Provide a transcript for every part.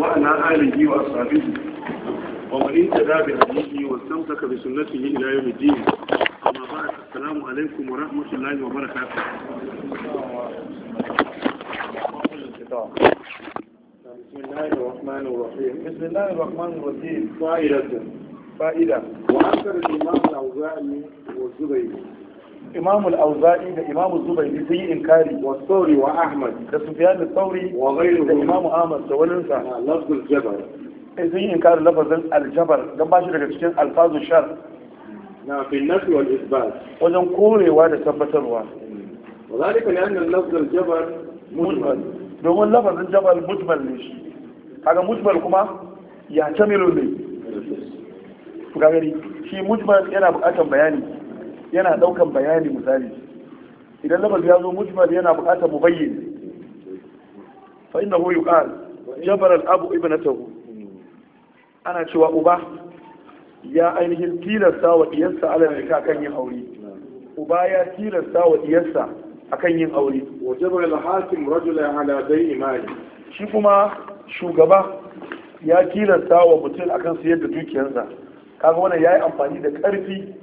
wa'ana alihi wa sabihi wa mani ta dabi alihi wa tamtaka bi sunnati yi ila yau biji amma ba assalamu alaikum wa rahmatullahi wa barakatuhu بسم الله الرحمن الرحيم بسم الله الرحمن الرحيم فائدة فائدة وأكثر الإمام الأوزاعي والزبيدي إمام الأوزائي ده إمام الزبيدي في إنكاري والثوري وأحمد ده سفيان الثوري وغيره ده إمام أحمد ده ولنسى لفظ الجبر في إنكار لفظ الجبر ده باشر لكتشين ألفاظ الشر نعم في النفي والإثبات وزن كوري وهذا ثبت الواحد وذلك لأن اللفظ الجبر مجمل domin lafazin jabal mujmal ne shi kaga mujmal kuma ya tamilu ne gagari shi mujmal yana bukatar bayani yana daukan bayani misali idan lafazi ya zo mujmal yana buƙatar mubayyin fa innahu yuqal jabara al-abu ibnatahu ana cewa uba ya ainihin tilasta wa diyarsa ala nika kan yin aure uba ya tilasta wa diyarsa akan yin aure wa jabara al-hakim rajulan ala dai imani shi kuma shugaba ya tilasta wa mutum akan sayar da dukiyarsa kaga wannan yayi amfani da karfi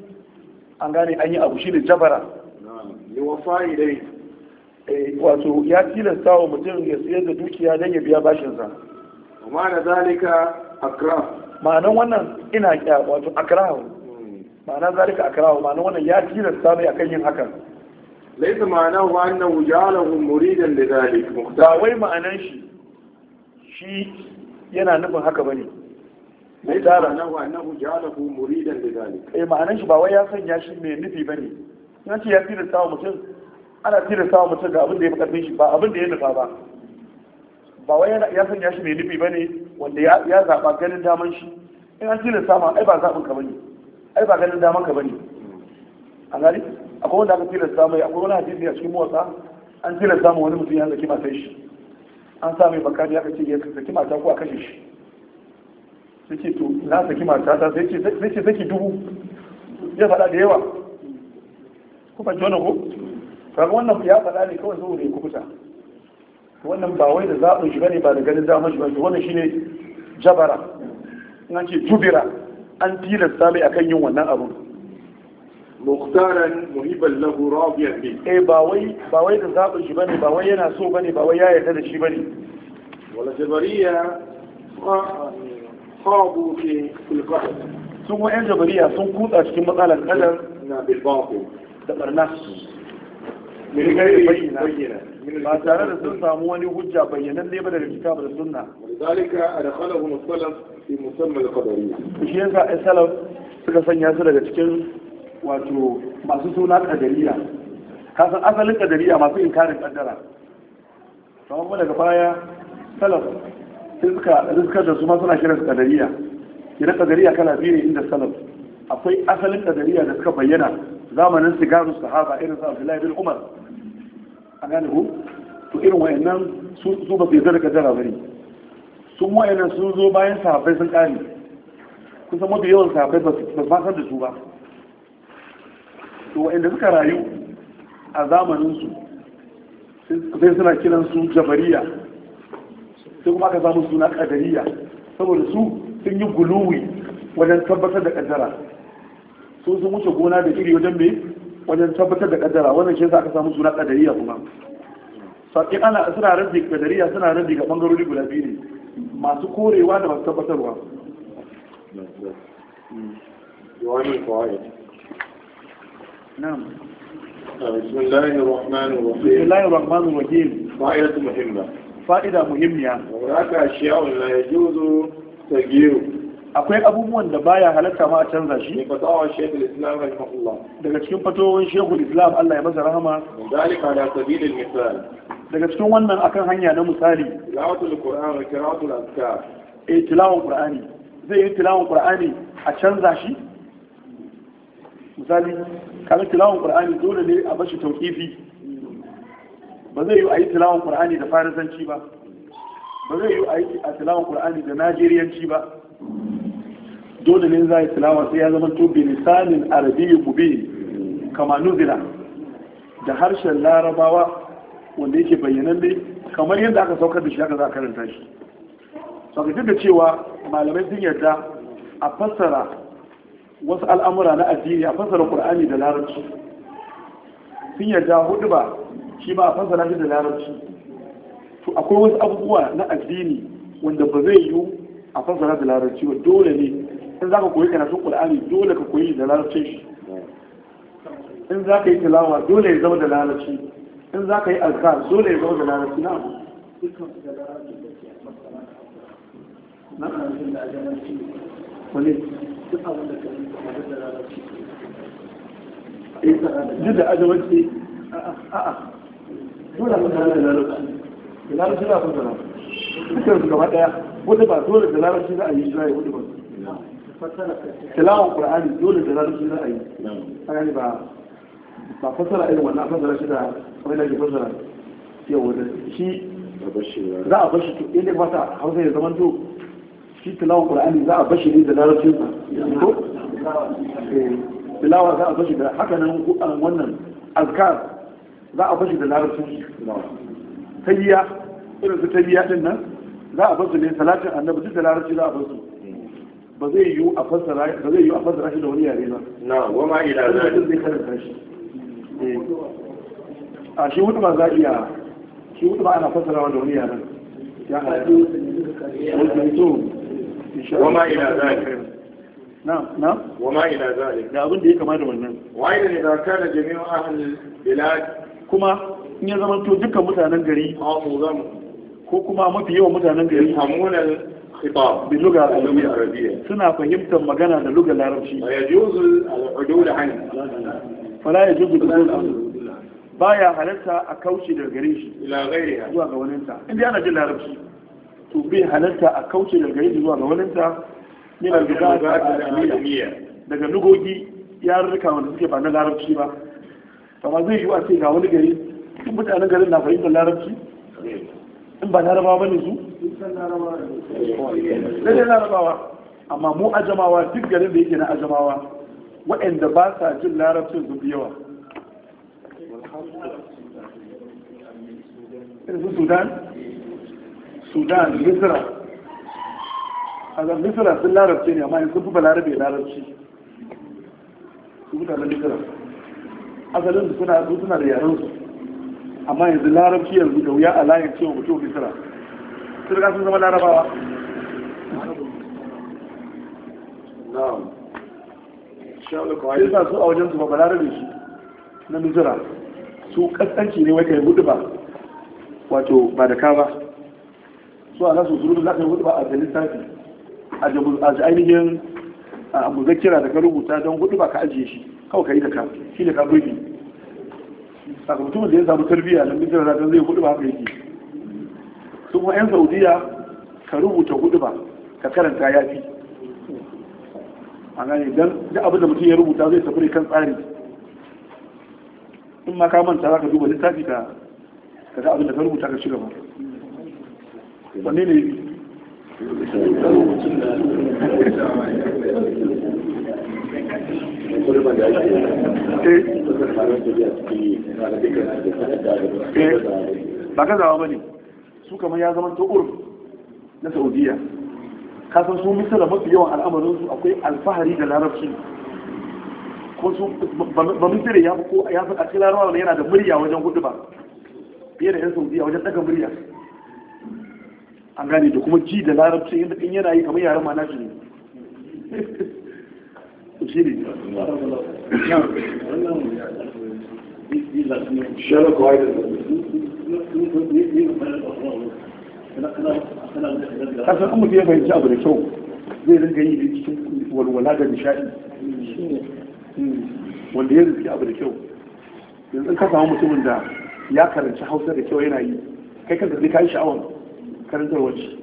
an gane an yi abu shi da jabara eh, wato ya tilasta wa mutum ya siyar da dukiya don ya biya bashinsa da zalika akrah ma'anan wannan ina kya wato akrah ma'ana zalika akrah ma'anan wannan ya tilasta mai akan yin hakan laisa ma'ana wa annahu ja'alahu muridan li zalik ba wai ma'anan shi shi yana nufin haka bane mai dara nan wa annahu ja'alahu muridan li zalik eh ma'anar shi ba wai ya sanya shi mai nufi bane yana ce ya tilasta wa mutum ana tilasta wa mutum ga abin da ya fi karfin shi ba abin da ya nufa ba ba wai ya sanya shi mai nufi bane wanda ya zaba ganin daman shi in an tilasta ma ai ba zaɓin ka bane ai ba ganin daman ka bane A gani akwai wanda aka tilasta mai akwai wani hadisi a cikin motsa an tilasta ma wani mutum ya zaki matan shi an sa mai bakari aka ce ya zaki mata ko a kashe shi suke to na saki matata zai ce sai ce dubu ya faɗa da yawa kuma fahimci wannan ko kaga wannan ya faɗa ne kawai saboda ya kubuta wannan ba wai da zaɓin shiga ne ba da ganin damar shi bane wannan shine jabara na an ce jubira an tilasta mai akan yin wannan abu muhtaran muhibban lahu radiyan bi eh ba wai ba wai da zaɓin shi bane ba wai yana so bane ba wai ya yarda da shi bane wala jabariya ah, sabu في القهر sun wa yan jabariya sun kutsa cikin matsalar kadar na da barna bayyana ba tare da sun samu wani hujja bayyana ne ba da kitabu da sunna zalika adkhalahu musallam fi qadariyya shi yasa suka sanya su daga cikin wato masu suna kasan asalin kadariya masu inkarin kaddara kuma daga baya salaf rizka da su ma suna kiransu kadariya Kiran kadariya kana biyu ne inda salaf akwai asalin kadariya da suka bayyana zamanin sigaru sahaba irin sa Abdullahi bin Umar a gane ku to irin wayannan su ba su yarda da kadara bane sun wayannan sun zo bayan sahabbai sun kare kusan mafi yawan sahabbai ba su ba san da su ba to wayanda suka rayu a zamanin su sai suna kiransu jabariya sai kuma aka samu suna kadariya saboda su sun yi guluwi wajen tabbatar da kaddara su sun wuce gona da iri wajen mai wajen tabbatar da kaddara wannan shi za aka samu suna kadariya kuma sakin ana suna rabbi kadariya suna rabbi ga bangarori guda biyu ne masu korewa da masu tabbatarwa نعم بسم الله الرحمن الرحيم بسم الله الرحمن الرحيم فائدة مهمة fa'ida muhimmiya haka shiyawun la yajuzu tagiru akwai abubuwan da baya halatta ma a canza shi fatawa shekul islam rahimahullah daga cikin fatowar shekul islam Allah ya masa rahama dalika da sabilil misali. daga cikin wannan akan hanya na misali tilawatul qur'an wa qira'atul azkar eh tilawon qur'ani zai yi tilawon qur'ani a canza shi misali kaga tilawon qur'ani dole ne a bashi tauqifi ba zai yi a yi tilawan qur'ani da farisanci ba ba zai yi a yi a tilawan qur'ani da najeriyanci ba dole ne za yi tilawa sai ya zama to bi lisanin arabiyyi kama nuzila da harshen larabawa wanda yake bayyananne kamar yadda aka saukar da shi aka za karanta shi saka duk da cewa malamai sun yarda a fassara wasu al'amura na addini a fassara qur'ani da larabci sun yarda hudu ba shi ba a san shi da larabci to akwai wasu abubuwa na addini wanda ba zai yiwu a fassara da larabci ba dole ne in za ka koyi kana sun qur'ani dole ka koyi da larabci shi in za ka yi tilawa dole ya zama da larabci in za ka yi azkar dole ya zama da larabci na abu duk da ajawanci a'a dole mutane da larabci da larabci za su zana dukkan su gaba daya wanda ba dole da larabci za a yi shi wanda ba tilawar ƙur'ani dole da larabci za a yi an ba ba fasara irin wannan fasara shi da wani da fasara yau da shi za a bashi to inda ba ta hausa ya zama to shi tilawar ƙur'ani za a bashi ne da larabcin sa ko eh, tilawa za a bashi da haka nan wannan azkar za a bashi da larabcin tayya irin su tayya din nan za a basu ne salatin annabi duk da larabci za a basu ba zai yiwu a fassara ba zai yiwu a fassara shi da wani yare ba na goma ila zai zai karanta shi a shi hudu ba za iya shi hudu ba ana fassara da wani yaren ya haɗu wato wama ila zalik na na wama ila zalik da abin da ya kama da wannan wa ila idza kana jami'u ahli bilad kuma in ya zama to dukkan mutanen gari ko kuma mafi yawan mutanen gari hamunan a bi lugha arabiyya suna fahimtar magana da luga larabci Fala ya al-udul an fala yajuzu halatta a kauce da gari shi zuwa ga waninta inda ana jin larabci to bai halatta a kauce da gari shi zuwa ga waninta min al-lughat al daga lugogi yarurruka wanda suke ba na larabci ba amma zai yi wa ce ga wani gari duk mutanen garin na fahimtar larabci in ba larabawa ne su lalle larabawa amma mu ajamawa duk garin da yake na ajamawa waɗanda ba sa jin larabcin su fi yawa irin sudan sudan misira a zan misira sun larabce ne amma sun fi larabe larabci su mutanen misira asalin su suna su suna da yaran su amma yanzu larabci yanzu da wuya a layin cewa mutum bisira sun riga sun zama larabawa sai sa su a wajen su ba balarabe shi na misira su kasance ne wai kai gudu ba wato ba da ka ba su a nasu surutu za ka yi gudu ba a da lissafi a ainihin a muzakira da ka rubuta don gudu ba ka ajiye shi kawai ka yi ka ka shi ne ka burge saka mutumin da ya samu tarbiyya da mijin ratan zai hudu ba haka yake su kuma yan saudiya ka rubuta hudu ba ka karanta ya fi a gane don da abin da mutum ya rubuta zai tafi kan tsari in ma ka manta za ka duba littafi ka ka ga abin da ka rubuta ka shiga ba wanne ne Eh. Eh. ba gazawa ba ne su kamar ya zama ta'ur na saudiya kasan su misala mafi yawan al'amarinsu akwai alfahari da larabci ko su ba misira ya ko ya fi a cikin larabawa yana da murya wajen gudu ba fiye da yan saudiya wajen daga murya an gane da kuma ji da larabci inda in yana yi kamar yaren ma nashi ne shi ne kasan ya fahimci abu da kyau zai ringa yi cikin walwala da nishaɗi wanda ya ringa abu da kyau yanzu ka samu mutumin da ya karanci hausa da kyau yana yi kai kanka zai kayi sha'awar karantar wacce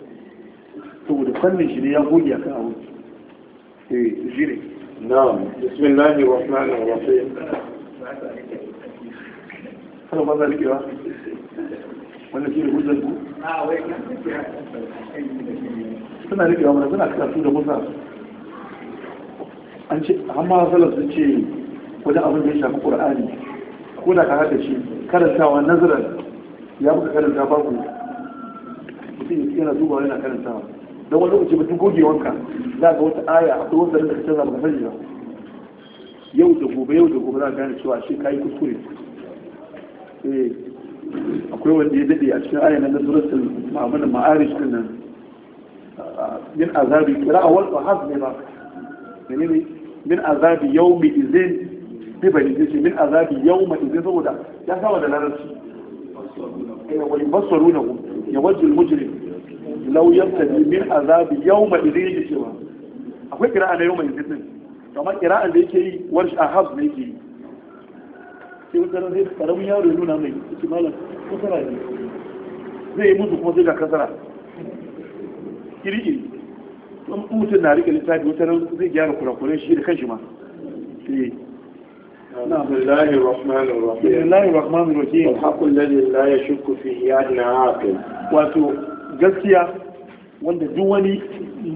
saboda fannin shi ne ya goge a kan abu eh, shi ne نعم بسم الله الرحمن الرحيم هل ماذا لك يا suna rike wani suna an ce amma ce wajen abin da ya shafi ko da ka haka shi karantawa nazarar ya karanta mutum yana dubawa yana karantawa da wani uce mutum wanka, za ga wata aya a akwai wata da kacin zama kasar yau da gobe yau da gobe za a gane cewa shi kayi kuskure eh, akwai wanda ya daɗe a cikin aya na suratul ma'amalan ma'arif din nan min azabi kira a wal ahad ne ba menene min azabi mai izin bi bani ce min azabi yau mai izin saboda ya saba da larabci ya wani mujirin لو يبتدي من عذاب يوم إذن يجيبه أخوة قراءة يوم إذن فما قراءة ليكي ورش أحب ليكي سيقول ترى هيد فرمي يارو يلون أمي إتمالا كسرى يجي زي موزو خمزيجا كسرى كريجي لم أموت النار كلي تايد وترى زي جارو كرا قولي شير خشمة في بسم الله الرحمن الرحيم بسم الله الرحمن الرحيم الحق الذي لا يشك فيه أن عاقل gaskiya wanda duk wani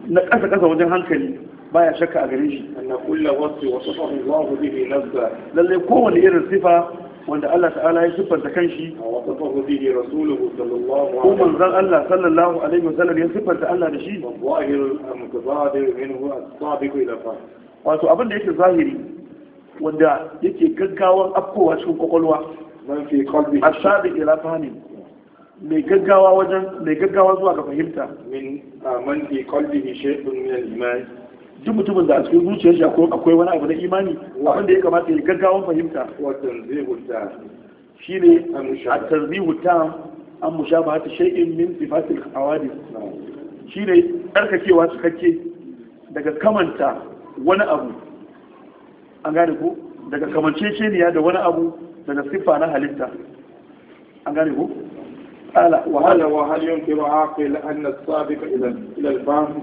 na ƙasa ƙasa wajen hankali baya shakka a gare shi anna kullu wasfi bihi nazza lalle kowanne irin sifa wanda Allah ta'ala ya siffanta kanshi wasafahu bihi rasuluhu sallallahu alaihi Allah sallallahu alaihi sallam ya siffanta Allah da shi zahirul mutazadir minhu as-sabiq ila fa wato abin da yake zahiri wanda yake gaggawan afkowa cikin kwakwalwa man fi qalbi as-sabiq ila mai gaggawa wajen mai gaggawa zuwa ga fahimta min ah, man fi qalbihi shay'un min al-iman duk mutumin da a cikin zuciyar shi akwai wani abu na imani abin da ya kamata ya gaggawan fahimta wa tanzihu ta shine at-tanzihu ta an Fasil shay'in min sifatil hawadith shine tsarkakewa cikakke daga kamanta wani abu an gane ku daga kamanceceniya da wani abu daga siffa na halitta an gane ku قال وهل وهل ينكر عاقل ان السابق الى الفهم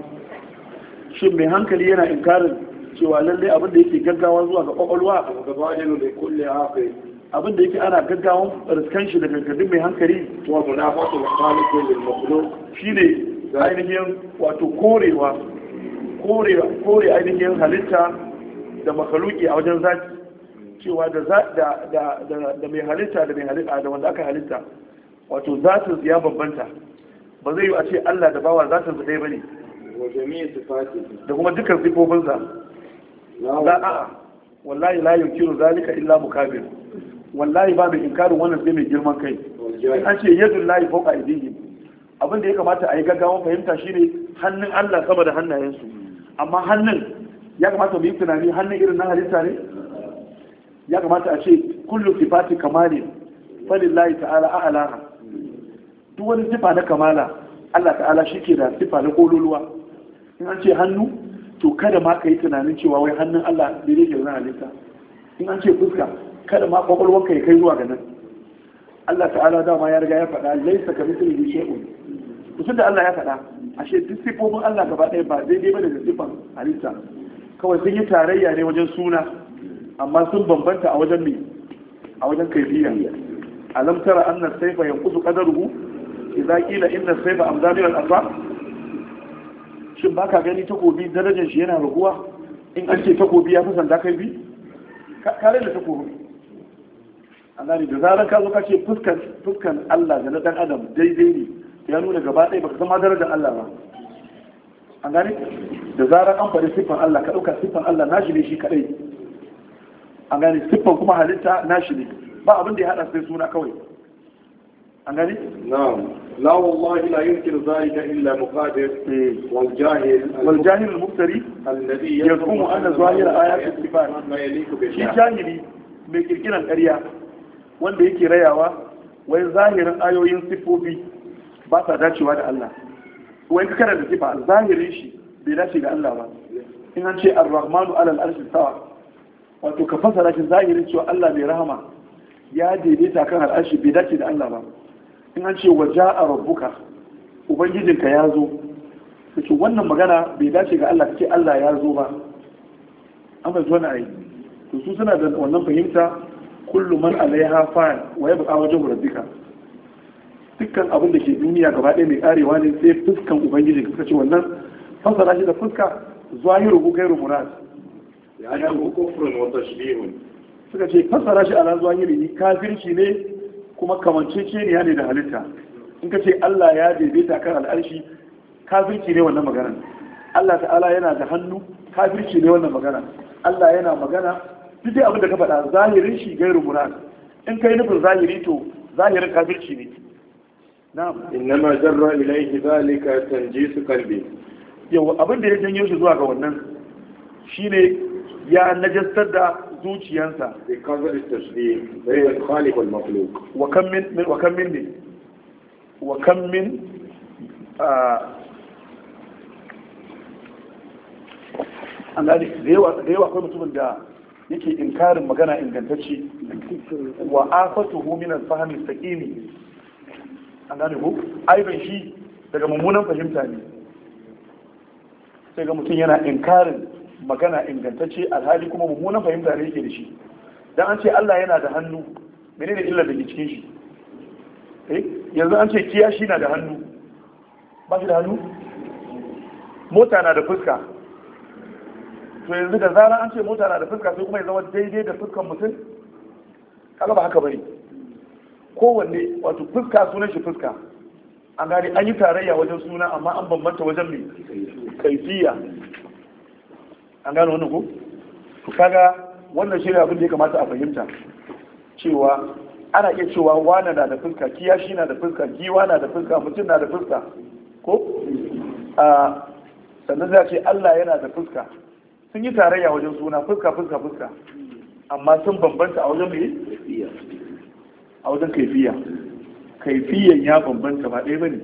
shin mai hankali yana انكار cewa lallai abin da يكي gaggawa zuwa كقولوا kwakwalwa ga da abin da yake ana gaggawa, riskan shi da gangadin mai hankali wa munafatu wa khaliqu lil makhluq shine ainihin wato korewa korewa kore ainihin halitta da makhluki a wajen zaki cewa da da da mai halitta da mai halitta da wanda aka halitta wato zatin ya bambanta ba zai yi a ce Allah da bawa zatin su ba bane da kuma dukkan sifofin za a wallahi la kiro zalika illa mukabir wallahi ba mai inkarin wannan sai mai girman kai an ce yadul layi ko aydihim abin da ya kamata a yi gaggawan fahimta shine hannun Allah sama da hannayensu amma hannun ya kamata mu yi tunani hannun irin na halitta ne ya kamata a ce kullu sifati kamalin layi ta'ala a'laha duk wani sifa na kamala Allah ta'ala shi ke da sifa na kololuwa in an ce hannu to kada ma ka yi tunanin cewa wai hannun Allah da ne ke zana halitta in an ce fuska kada ma kwakwalwar ka yi kai zuwa ga nan Allah ta'ala dama ya riga ya faɗa laisa ka misali shay'un mutum da Allah ya faɗa a ashe duk sifofin Allah gaba ɗaya ba daidai bane da sifan halitta kawai sun yi tarayya ne wajen suna amma sun bambanta a wajen me a wajen kaifiya alam tara anna sayfa yanqusu qadaruhu idza qila sai ba amzamil al-aswaq shin ka gani takobi darajar shi yana raguwa in an ce takobi ya fi sanda kai bi ka rage takobi annabi da zarar ka zo ka ce fuskan fuskan Allah da na dan adam daidai ne ya nuna gaba ɗaya baka zama darajar Allah ba an gani da zarar an faɗi siffan Allah ka ɗauka siffan Allah nashi ne shi kaɗai an gani siffan kuma halitta nashi ne ba abin da ya haɗa sai suna kawai an gani na'am la wallahi la yumkinu zalika illa muqadir hmm. wal jahil wal jahil al muftari alladhi yaqumu anna zahira ayat al sifat ma shi jahili mai kirkiran ƙarya wanda yake rayawa wai zahirin ayoyin sifofi ba sa dacewa da Allah wai ka karanta sifa zahirin shi bai dace ga Allah ba in an ce ar-rahmanu ala al-arshi sawa wato ka fasara shi zahirin cewa Allah bai rahama ya daidaita kan al'arshi bai dace da Allah ba in an ce waje a rabbuka ubangijinka ya zo ce wannan magana bai dace ga Allah ce Allah ya zo ba an bai zuwa ayi to su suna da wannan fahimta kullu man alaiha fa'al wa yabqa wajhu rabbika dukkan abin da ke duniya gaba ɗaya mai karewa ne sai fuskan ubangiji ka ce wannan fasara shi da fuska zahiru ko gairu murad ya ana kufrun wa tashbihun suka ce fasara shi ala zahiri kafirci ne kuma kamance kamanceceniya ne da halitta in ka ce Allah ya daidaita kan al'arshi kafirci ne wannan magana Allah ta'ala yana da hannu kafirci ne wannan magana Allah yana magana duk abin da ka faɗa zahirin shi gairu murad in kai nufin zahiri to zahirin kafirci ne na'am innama jarra ilayhi zalika tanjisu qalbi yau abin da ya janyo shi zuwa ga wannan shine ya najastar da zuciyansa kan min ne kan min a gani da yawa akwai mutumin da yake inkarin magana ingantacci wa afatu huminan fahimin saƙini an gani ku aiban shi daga mummunan fahimta ne sai ga mutum yana inkarin magana ingantacce alhali kuma mummunan fahimta ne yake da shi dan an ce Allah yana da hannu menene illar da ke cikin shi eh yanzu an ce kiyashi na da hannu ba shi da hannu mota na da fuska to yanzu da zarar an ce mota na da fuska sai kuma ya zama daidai da fuskan mutum kaga ba haka bane kowanne wato fuska sunan shi fuska an gani an yi tarayya wajen suna amma an bambanta wajen mai kaifiya an gano wani ku. Ku kaga wannan shirya abin da ya kamata a fahimta cewa ana iya cewa wana na da fuska kiyashi na da fuska giwa na da fuska mutum na da fuska ko a sannan za ce Allah yana da fuska sun yi tarayya wajen suna fuska fuska fuska amma sun bambanta a wajen mai a wajen kaifiya kaifiyan ya bambanta ba ɗaya ba ne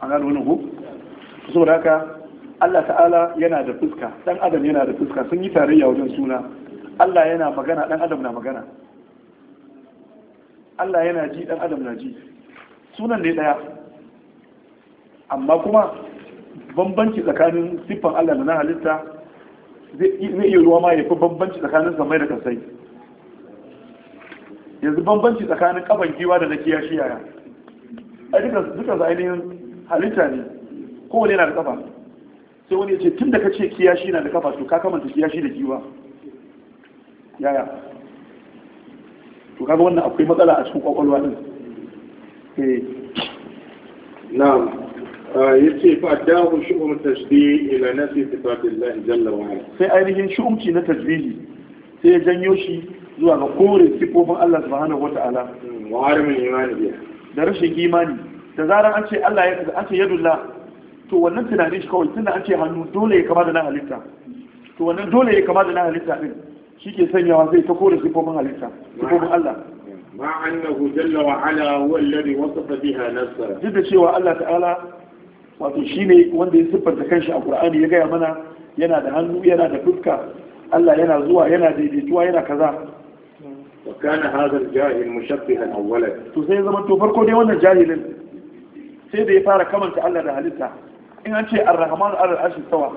an gano wani ku saboda haka Allah ta'ala yana da fuska dan adam yana da fuska sun yi tarayya wajen suna Allah yana magana dan adam na magana Allah yana ji dan adam na ji sunan ne daya amma kuma bambanci tsakanin siffan Allah da na halitta zai iya ruwa ma ya fi bambanci tsakanin samai da kansai yanzu bambanci tsakanin kaban giwa da na shi yaya a duka ainihin halitta ne kowane yana da kafa sai wani ya ce tun da ka ce kiyashi na da kafa to ka kamanta kiyashi da giwa yaya to kaga wannan akwai matsala a cikin kwakwalwa din eh na'am ah, yace fa dahu shu'um tasbih ila nafsi sifatillah jalla wa ala sai ainihin shu'umci na tasbihi sai ya janyo shi zuwa ga kore sifofin Allah subhanahu wata'ala wa harimin imani da rashin imani da zarar an ce Allah ya ce yadullah to wannan tunanin shi kawai tunda an ce hannu dole ya kama da na halitta to wannan dole ya kama da na halitta din shi ke sanyawa zai ta kore sifofin halitta sifofin Allah ma annahu jalla wa ala huwa alladhi wasafa biha nafsa duk da cewa Allah ta'ala wato shine wanda ya siffanta kanshi a Qur'ani ya gaya mana yana da hannu yana da fuska Allah yana zuwa yana daidaituwa yana kaza وكان هذا الجاهل مشبها اولا to sai zaman to farko dai wannan jahilin sai da ya fara kamanta Allah da halitta in an ce ar-rahman ar-arshi tawa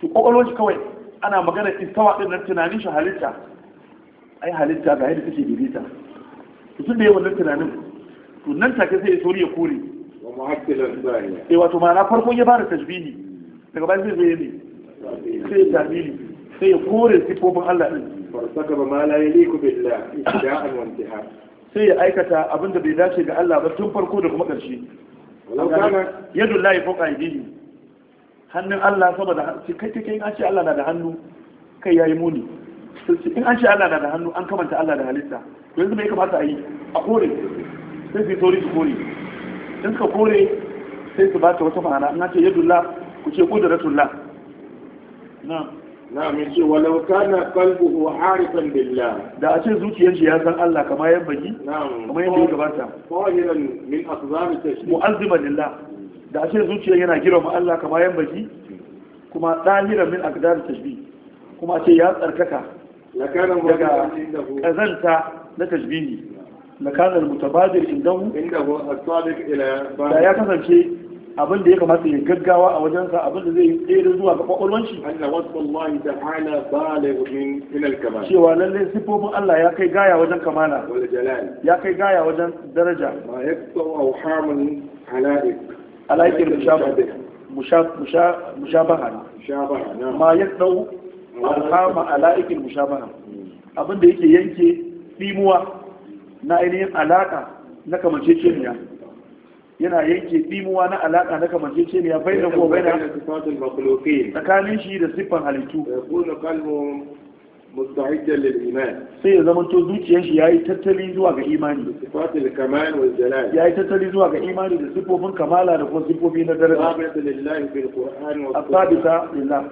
to kokolwar shi kawai ana magana istawa din nan tunanin shi halitta ai halitta ga yadda take daidaita to tun da yawan nan tunanin to nan take sai ya sori ya kore wa muhaddilan zaniya eh wato ma'ana farkon ya fara tasbihi daga bayan sai zai yi sai ya tamili sai ya kore sifofin Allah din farsaka ba ma la yaliku billah ibda'an wa intihar sai ya aikata abinda bai dace ga Allah ba tun farko da kuma ƙarshe yadda Allah ya foka yi hannun Allah saboda kai kai in an ce Allah na da hannu kai ya yi muni in an ce Allah na da hannu an kamanta Allah da halitta yanzu mai kamata a yi a kore sai su yi tori su kore in suka kore sai su ba ta wata ma'ana in an ce yadda Allah ku ce kudaratullah na da a ce zuciyar shi ya san Allah kamar yan baki kamar yadda ya gabata fahiran min da a ce zuciyar yana girma Allah kamar yan baki kuma dahiran min aqdar tashbih kuma ce ya tsarkaka lakana daga kazanta na tashbihi lakana al-mutabadir da ya kasance abin da ya kamata ya gaggawa a wajensa abin da zai tsere zuwa ga kwakwalwan shi anna wasfallahi ta'ala balighun min al-kamal cewa lalle sifofin Allah ya kai gaya wajen kamala wal jalal ya kai gaya wajen daraja ma yaqtu awhamun halaik halaikir mushabaha ma mushabaha ma yaqtu awhamun halaikir mushabaha abin da yake yanke dimuwa na ainihin alaka na kamanceceniya yana yanke dimuwa na alaka na kamancece ne ya bai da kuma bai tsakanin shi da siffan halittu sai ya zama to zuciyar shi yi tattali zuwa ga imani Ya yi tattali zuwa ga imani da siffofin kamala da kuma siffofi na daraja A lillahi sabita lillah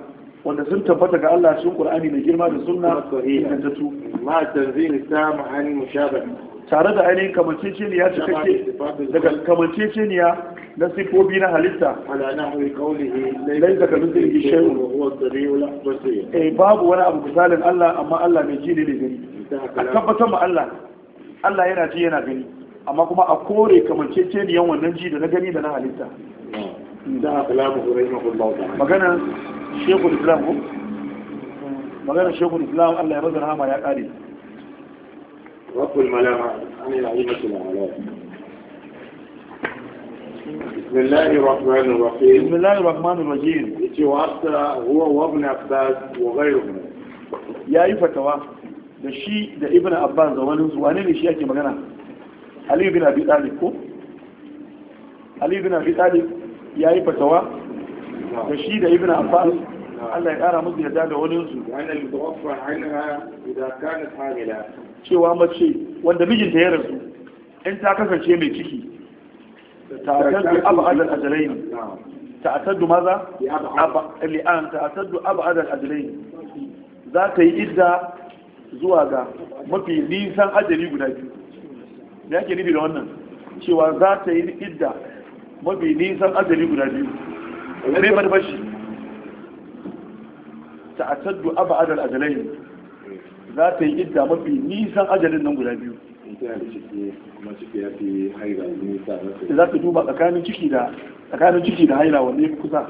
wanda sun tabbata ga Allah cikin Qur'ani mai girma da sunna ingantattu ma tanzini sama an mushabah tare da ainihin kamanceceniya ta cikakke daga kamanceceniya na sifofi na halitta lai daga nufin gishayu eh babu wani abu misalin Allah amma Allah mai ji ne da gani a tabbatar ma Allah Allah yana ji yana gani amma kuma a kore kamanceceniyan wannan ji da na gani da na halitta da magana shekul islam ko magana shekul islam allah ya bazar hama ya kare wakul malama an yi ayyuka na halaya بسم الله الرحمن الرحيم بسم الله الرحمن الرحيم يجي هو وابن عباس ya يا فتوى da shi da ibn abbas wani ne shi magana ya da shi da ibn abbas Allah ya kara musu yadda da wani su wannan mutawaffa anha idan kana hamila cewa mace wanda mijinta ya rasu in ta kasance mai ciki ta'attadu ab'ad al-ajlayn ta'attadu maza li'an ta'attadu ab'ad al-ajlayn za ta yi idda zuwa ga mafi nisan ajali guda biyu me yake nufi da wannan cewa za ta yi idda mafi nisan ajali guda biyu mai manufar shi ta a taddu aba adal ajalai za ta yi idda mafi nisan ajalin nan guda biyu za ta duba tsakanin ciki da tsakanin ciki da haila wanda ya fi kusa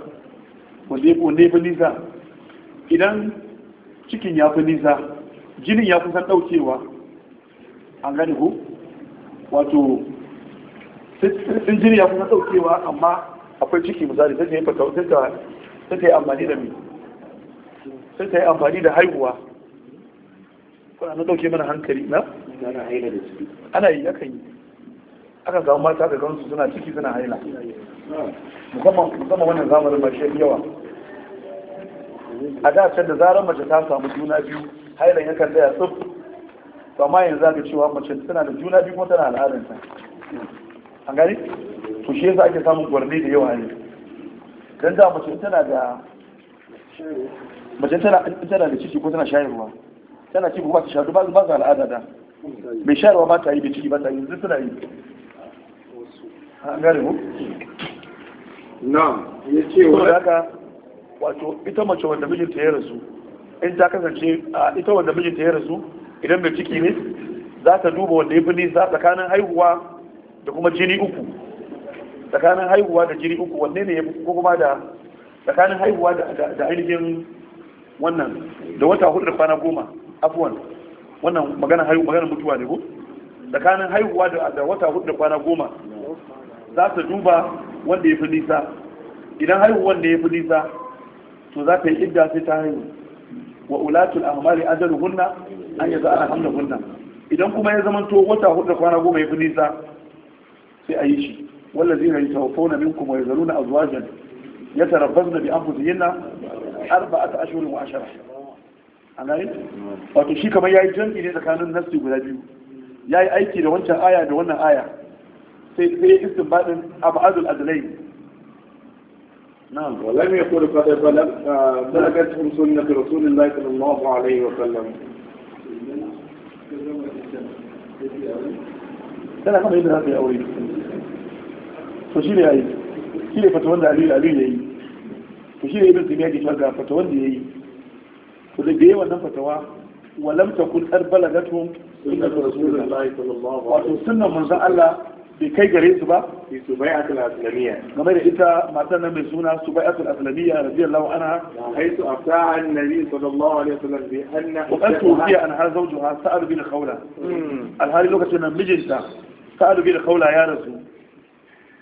wanda ya fi nisa idan cikin ya fi nisa jinin ya kusan ɗaukewa an gane ko wato sun jinin ya kusan ɗaukewa amma akwai ciki misali sai ta yi sai ta yi amfani da mi sai ta yi amfani da haihuwa kuna na dauke mana hankali na ana yi yakan yi aka samu mata ga gansu suna ciki suna haila musamman wannan zamanin mashi yawa a da can da zarar mace ta samu juna biyu hailan yakan tsaya tsuf to amma yanzu za cewa mace tana da juna biyu kuma tana al'adarta an gani to shi yasa ake samun gwarni da yawa ne dan da mace tana da mace tana da ciki ko tana shayarwa tana ciki ba ta sha ba ba al'ada da mai shayarwa ba ta yi da ciki ba ta yi zai tana yi an gane mu na'am ya ce wa haka wato ita mace wanda mijinta ya rasu in ta kasance A ita wanda mijinta ya rasu idan mai ciki ne za ta duba wanda ya fi nisa tsakanin haihuwa da kuma jini uku tsakanin haihuwa da jini uku wanne ne ya ko kuma da tsakanin haihuwa da ainihin wannan da wata hudu da kwana goma afuwan wannan magana haihuwa magana mutuwa ne ko tsakanin haihuwa da wata hudu da kwana goma za ta duba wanda ya fi nisa idan haihuwan da ya fi nisa to za ta yi idda sai ta haihu wa ulatul ahmali ajaluhunna an yaza ana idan kuma ya to wata hudu da kwana goma ya fi nisa sai a yi shi والذين يتوفون منكم ويذرون أزواجا يتربصن ashirin wa أشهر a أناين wato shi kamar ya yi jami'i ne tsakanin nasi guda biyu yayi aiki da wancan aya da wannan aya sai sai istinbadin abadul adlai na'am walam yaqul qad ah, balagat sunnat rasulillahi sallallahu alaihi wa sallam tana kama yadda za ta yi aure to shi ne yayi shi ne fata wanda aliyu aliyu ya yi to shi ne ibn timiya ke cewa ga fata wanda ya yi to da yawan nan fatawa walam takun qad balagatum sunnatu rasulillahi sallallahu alaihi wato sunnan manzon Allah bai kai gare su ba fi subai'atul aslamiyya game da ita matan nan mai suna subai'atul aslamiyya radiyallahu anha haitu afsa'a annabi sallallahu alaihi wasallam bi anna qad tuhiya an har zawjuha sa'ad bin khawla alhali lokacin nan mijinta sa'adu da kaula ya rasu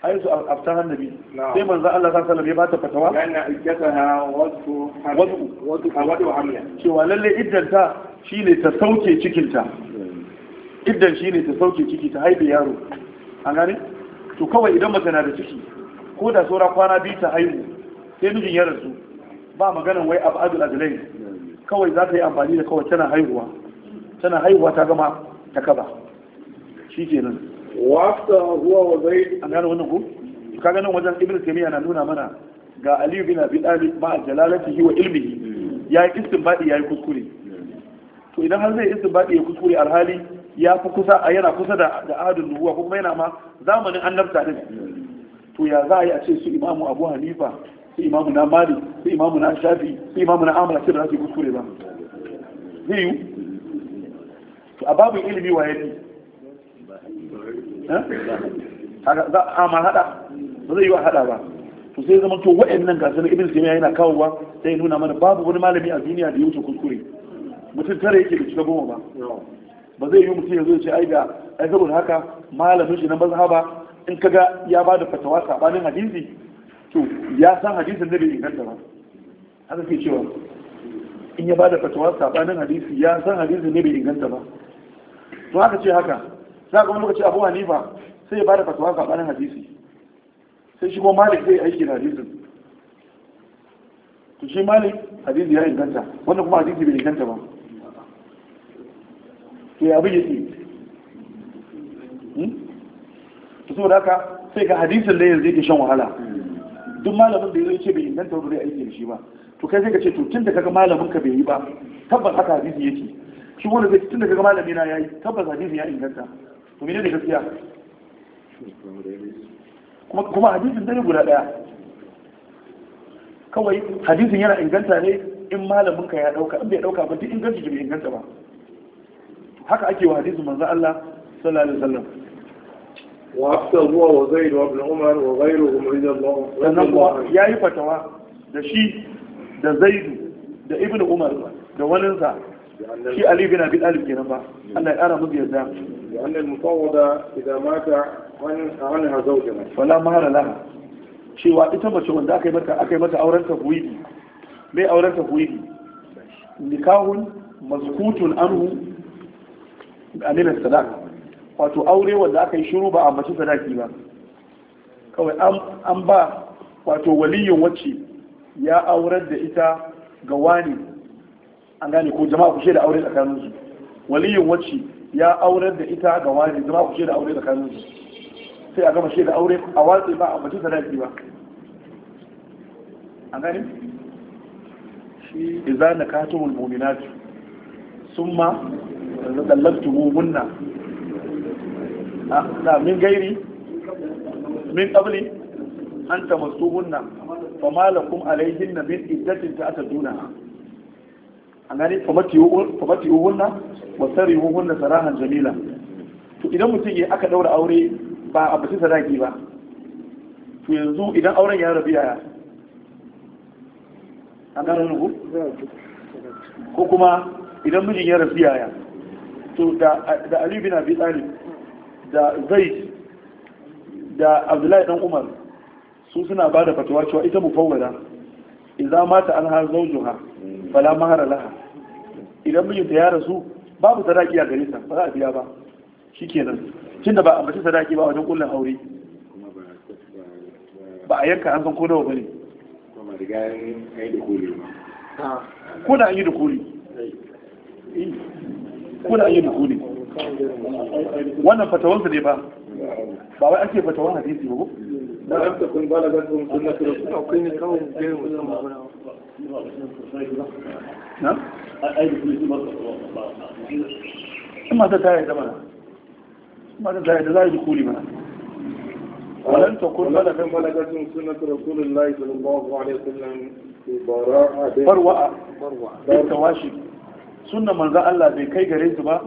ai su aftan annabi sai manzo Allah sallallahu alaihi ya bata fatawa yana iddataha wasu wasu wasu hamla cewa lalle ta shine ta sauke cikinta iddan shine ta sauke ciki ta haibe yaro an gane to kawai idan mace na da ciki ko da saura kwana biyu ta haihu sai mijin ya rasu ba maganan wai abu adul kawai za ta yi amfani da kawai tana haihuwa tana haihuwa ta gama ta kaba shi kenan wafta huwa wa zai an gano wannan ku ka ganin wajen ibn taymiya na nuna mana ga aliyu bin abi talib ma jalalatihi wa ilmihi yayi istinbadi yayi kuskure to idan har zai istinbadi ya kuskure alhali ya fi kusa a yana kusa da da ahadun nubuwa kuma yana ma zamanin annabta din to ya za a yi a ce su imamu abu hanifa su imamu na mali su imamu na shafi su imamu na amala cikin da za su kuskure ba zai yi a babu ilimi wa yadda za a hada ba zai yi wa hada ba to sai zama to wa'annan gasar ibn taymiya yana kawowa sai nuna mana babu wani malami a duniya da ya wuce kuskure mutum tare yake da shiga goma ba ba zai yi mutum ya zo ce ai ga ai saboda haka malamin shi na mazhaba in kaga ya ba da fatawa sabanin hadisi to ya san hadisin da bai inganta ba haka ke cewa in ya ba da fatawa sabanin hadisi ya san hadisin da bai inganta ba to haka ce haka za ga wani lokaci abu hanifa sai ya bada fatawa ɓanin hadisi sai shi kuma malik zai aiki da hadisin to shi malik hadisi ya inganta wannan kuma hadisi bai inganta ba to ya abin yake hmm? to saboda haka sai ga hadisin da yanzu yake shan wahala duk malamin da ya ce bai inganta wani zai aiki da shi ba to kai sai ka ce to tun da kaga malamin ka bai yi ba tabbas haka hadisi yake shi wanda zai tun da kaga Malamina ya yayi tabbas hadisi ya inganta to ne gaskiya kuma kuma hadisin dai guda daya kawai hadisin yana inganta ne in malamin ka ya dauka in bai dauka ba duk inganci bai inganta ba haka ake wa hadisin manzo Allah sallallahu alaihi wasallam wa هو وزيد وابن عمر وغيرهم رضي الله yayi fatawa da shi da zaid da ibn umar da ده sa shi ali bin abi talib kenan ba Allah ya ƙara mu yarda لأن المفوضة إذا مات عنها زوجها فلا مهر لها cewa ita mace wanda aka yi mata aka yi mata auren tafwidi mai auren tafwidi nikahun mazkutun anhu anil sadaq wato aure wanda aka yi shiru ba a mace sadaki ba kawai an ba wato waliyin wacce ya aurar da ita ga wani an gane ko jama'a ku da aure tsakanin su waliyin wacce ya aurar da ita ga wani jama'a ku da aure tsakanin su sai a gama da aure a watsi ba a mace sadaki ba an gane shi idza nakatumul mu'minat summa dallantumuhunna ah, na min gairi min qabli an tamassuhunna fama lakum alayhinna min iddatin ta'taduna an famati hunna wa sari hunna sarahan jamila to idan mutum ya aka daura aure ba a bata saraki ba to yanzu idan auren ya rabi yaya an gane nuhu ko kuma idan mijin ya rabi yaya to da aliyu bin abi talib da zai da abdullahi dan umar su suna ba da fatawa cewa ita fawwada idza mata har zawjuha fala mahara laha idan ta ya rasu babu sadaki a garinsa ba za a biya ba shikenan tunda ba a sadaki ba wajen kullun aure ba a yanka an san ko nawa bane ko da an yi dukuli ko da an yi dukuli wannan fatawansa ne ba ba wai ake fatawan hadisi ba da lam takun balagatum sunnatu rasul akwai ne kawai gairin musamman gudawa na? in mata ta yi zama ta da za a yi سنة رسول الله صلى الله عليه وسلم براءة بروعة بالتواشي سنة من ذا الله بي كي غريز با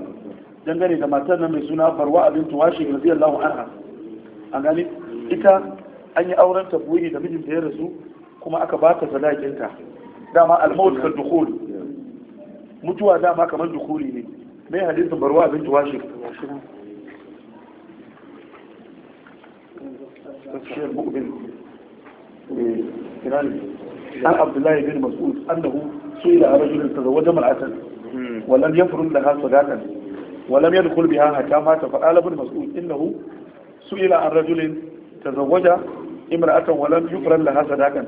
dangane da matar nan mai suna barwa abin tuwashi radiyallahu anha an gani ita an yi auren tafwidi da mijinta ya rasu kuma aka ba ta sadakinta dama al-maut kal dukhul mutuwa dama kamar dukhuli ne mai hadisin barwa bin tuwashi tafsir mu'min عن عبد الله بن مسعود أنه سئل عن رجل تزوج امرأة ولم يفرض لها صداقا ولم يدخل بها حتى مات فقال ابن مسعود إنه سئل عن رجل تزوج imra'atan walam yufran laha sadaqan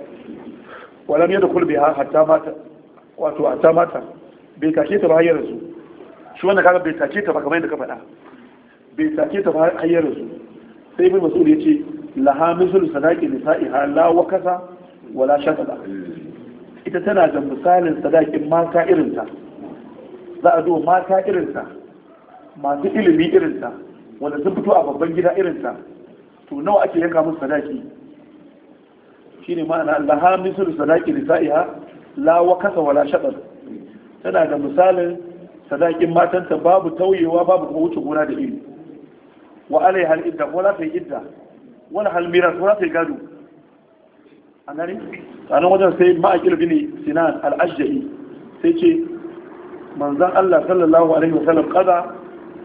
walam yadkhul biha hatta mata wato hatta mata bai take ta ba hayyar su shi wannan kaga bai take ta ba kamar yadda ka faɗa bai take ta ba hayyar su sai bai masu yace laha misul sadaqi nisa'iha la wa kasa wala shatala ita tana da misalin sadaqin mata irinta za a duba mata irinta masu ilimi irinta wanda sun fito a babban gida irinta to nawa ake yanka musu sadaki shine ma'ana laha mislu sadaqi nisa'iha la wa kasa wala shatar tana da misalin sadakin matanta babu tauyewa babu kuma wuce gona da iri wa alaiha al-idda wala ta idda wala hal miras wala ta gado an gani sanan wajen sai ma'akil bin sinan al-ashja'i sai ce manzon Allah sallallahu alaihi wasallam qada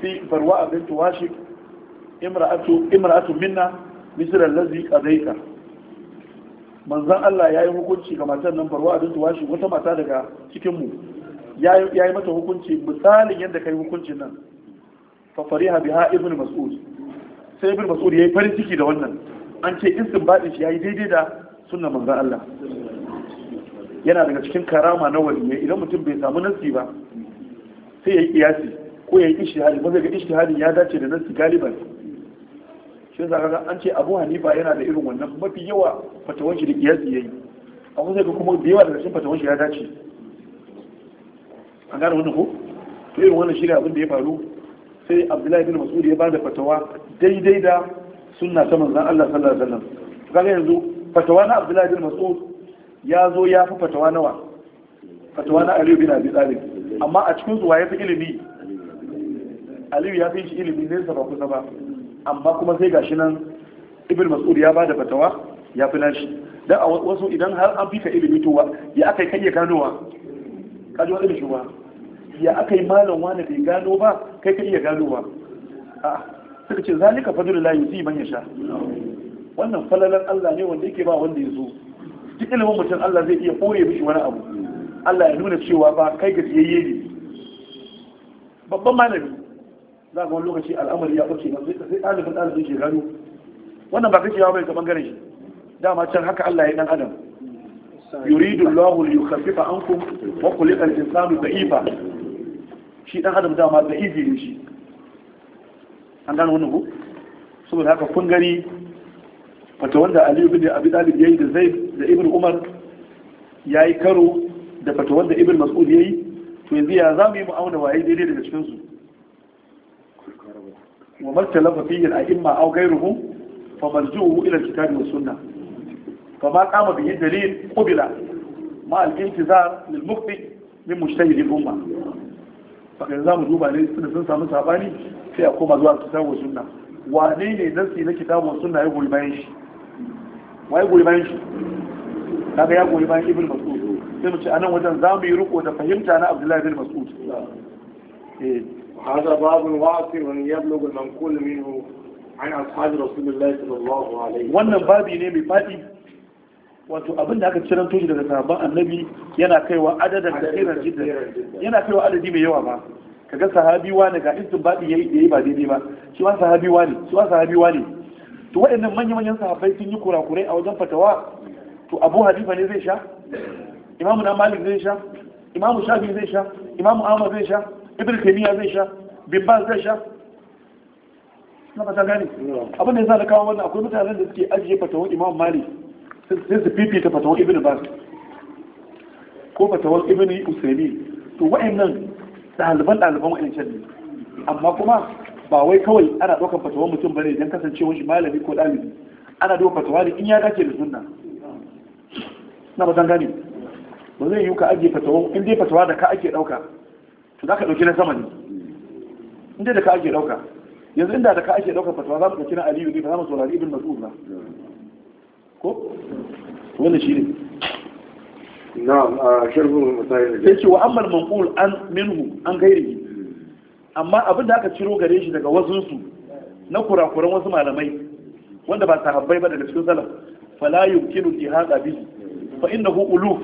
fi barwa bint washik imra'atu imra'atu minna misra allazi qadaita manzan Allah ya yi hukunci ga matan nan farwa abin tuwashi wata mata daga cikinmu ya yi mata hukunci misalin yadda ka yi hukuncin nan fa fariha biha ibn mas'ud sai ibn mas'ud ya yi farin ciki da wannan an ce istinbadi shi ya yi daidai da sunnan manzan Allah yana daga cikin karama na waliyai idan mutum bai samu nasi ba sai ya yi kiyasi ko ya yi ishtihadi ba zai ga ishtihadin ya dace da nasi galiban sai za ga an ce abu hanifa yana da irin wannan mafi yawa fatawan shi da kiyasi yayi a sai ga kuma da yawa daga cikin fatawan shi ya dace an gane wannan ko to irin wannan shirya abin da ya faru sai abdullahi bin mas'ud ya bada fatawa daidai da sunna ta manzon Allah sallallahu alaihi wasallam kaga yanzu fatawa na abdullahi bin mas'ud ya zo ya fi fatawa nawa fatawa na aliyu bin abi talib amma a cikin zuwa ya fi ilimi aliyu ya fi shi ilimi ne sa ba kusa ba amma kuma sai gashi nan ibn mas'ud ya bada fatawa ya fi nashi dan a wasu idan har an fika ilimi to ya akai kai ya ganowa ka ji wani shugaba ya akai malam wani bai gano ba kai ka iya ganowa a suka ce zalika fadlullahi yuti man yasha wannan falalan Allah ne wanda yake ba wanda ya zo duk ilimin mutum Allah zai iya koye mishi wani abu Allah ya nuna cewa ba kai gajiyayye ne babban malami za ga wani lokaci al'amari ya ɓace masu sai ɗalibin ɗalibin ke gano wannan ba kake yawa bai ta ɓangaren shi dama can haka Allah ya ɗan adam yuridu Allahu li yukhaffifa ankum wa khuliqa al-insanu da'ifa shi ɗan adam dama da'ifi ne shi an gano wannan ku saboda haka kun gani wata wanda Aliyu bin Abi Talib yayi da Zaid da Ibn Umar yayi karo da fata wanda Ibn Mas'ud yayi to yanzu ya zamu yi mu auna waye daidai daga cikin su wa martalafa fiye a imma au gairuhu fa marjuhu ila kitabi wa sunna fa ma qama bihi dalil qubila ma al-intizar lil mukti min mujtahid al-umma fa kan zamu duba ne sun samu sabani sai a koma zuwa kitabu wa sunna ne nasi na kitabu wa ya goyi bayan shi waye goyi ya goyi bayan sai mu anan wajen zamu yi riko fahimta na abdullahi ibn هذا باب واسع يبلغ المنقول منه عن أصحاب رسول الله صلى الله عليه وسلم wannan babi ne mai fadi wato abin da aka ciran toshi daga sahabban annabi yana kaiwa adadin irin jidda yana kaiwa adadi mai yawa ba kaga sahabi wani ga istinbadi yayi yayi ba daidai ba shi wa sahabi wani shi wa sahabi wani to waɗannan manyan manyan sahabbai sun yi kurakurai a wajen fatawa to Abu hadifa ne zai sha Imam'u na Malik zai sha Imam'u Shafi zai sha Imam'u Ahmad zai sha ibn taymiya zai sha bin bas zai sha na fata gani? abin da yasa da kawo wannan akwai mutanen da suke ajiye fatawar imam mali, sai su fifita fatawar ibn bas ko fatawar ibn usaimi to wa'annan ɗaliban ɗaliban can ne amma kuma ba wai kawai ana ɗaukar fatawar mutum bane don kasancewar shi malami ko ɗalibi ana ɗaukar fatawa ne in ya dace da sunna na ba gane ba zai yi ka ajiye fatawa in dai fatawa da ka ake ɗauka to za ka ɗauki na sama ne inda da ka ake ɗauka yanzu inda da ka ake ɗauka fatawa za mu ɗauki na aliyu ne ba za mu saurari ibn mas'ud ba ko wanda shi ne na'am a sharhul masail sai ce wa ammal manqul an minhu an gairihi amma abin da aka ciro gare shi daga wasu su na kurakuran wasu malamai wanda ba sahabbai ba daga cikin salaf fala yumkinu ihada bihi fa innahu uluf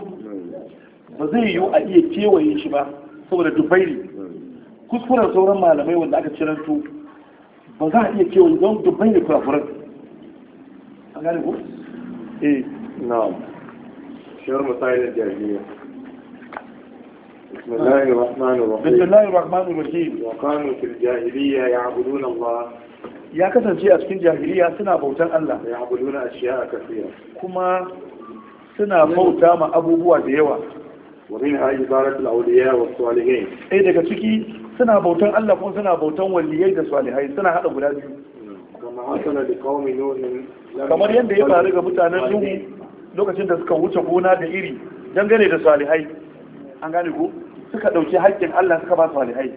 ba zai yiwu a iya kewaye shi ba saboda dubairi kuskuren sauran malamai wanda aka ciranto ba za a iya cewa don dubairi kurakuran a gane ko بسم الله الرحمن الرحيم بسم الله الرحمن الرحيم وكانوا في الجاهلية يعبدون الله ya kasance a cikin jahiliya suna bautan Allah ya ashiya a kuma suna bauta ma abubuwa da yawa ومنها عبارة الأولياء والصالحين أي daga ciki suna bautan Allah kuma suna bautan waliyai da salihai suna haɗa guda biyu kamar yadda ya faru ga mutanen Nuhu lokacin da suka wuce gona da iri dangane da salihai an gane ko suka dauki haƙƙin Allah suka ba salihai